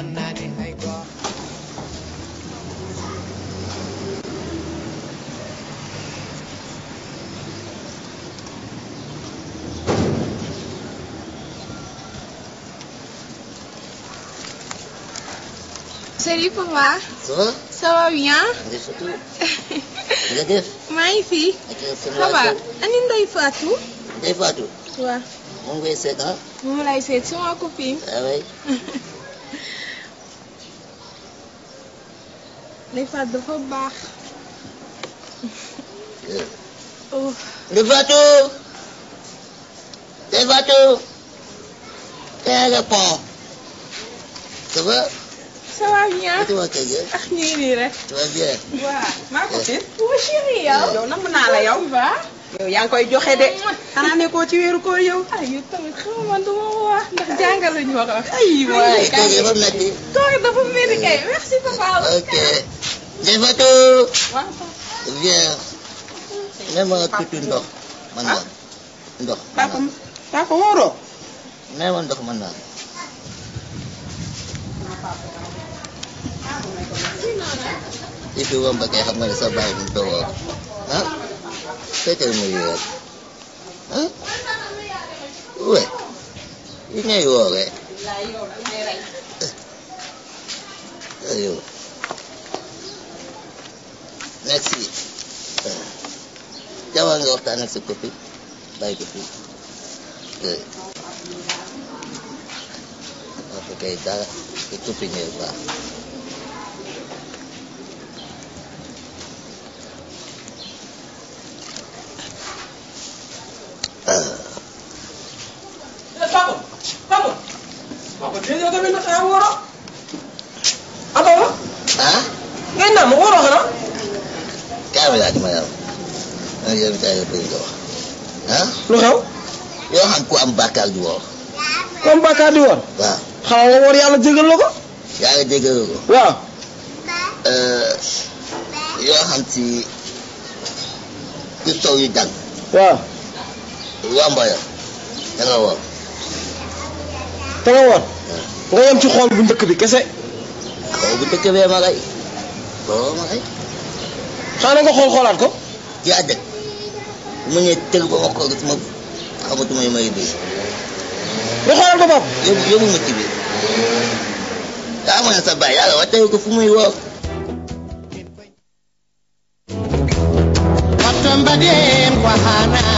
अन्नानैहाय Seria lá? Sou? Só a minha? Deixa tu. Já def? Mãe, fi. É Saba, anin dai fatu? Dai fatu? Tua. se é cedo? Mungu é cedo, sou uma copinha. É, vai. Ndeyfaatu dafa baax. Ndeyfaatu. Ndeyfaatu. tey rek bon. ça va. ça va bien. ak ñii nii rek. ça va bien. waaw maa ko fi. waa chérie yow. yow namm naa la yow. waaw. yow yaa ngi koy joxe de. xanaa nekkoo ci weeru koor yow. ay yow tamit xam man du ma wax ndax jàngaluñu ma ko. ay waay kay dafa métti. kóor dafa métti kay merci papa. J'ai voté. Viens. Nema tutu ndox man la. Ndox. Tako tako woro. Nema ndox man la. Itu wam bakay xam nga ne sa baay du dowo. Ah? Fekkal mu yow. Ah? Ouais. Yi ngay woore. Ayo. Let's see. Jawab orang tak nak sekopi. Baik kopi. Eh. Apa kaita itu pinjaman? Kamu, kamu, kamu jadi ada minat yang ngorok. kaay ma laaj ma yow man yow itam yow bëri nga wax ah. lu xew. yoo xam ku am bàkkaar di woor. ku am bàkkaar di woor. waaw xanaa nga woor yàlla jégal la ko. yàlla jégal la ko. waaw. Euh, yoo xam ci ku sow yu dang. waaw. yomba ya da nga woor. da nga woor. nga yem ci xool bu njëkk bi kese. xool bu njëkk bee ma rey. boo ma rey. xanaa nga xool xoolaat ko. jaa dëgg mu ne tëgg ba wax ko ma xamatuma li ma yóbbee. nga xoolal ko bopp. yóbbu yóbbu ma ci biir. daa mën a sa bàyyi yàlla waxtaanee ko fu muy woo. Patomba dem ko xanaa.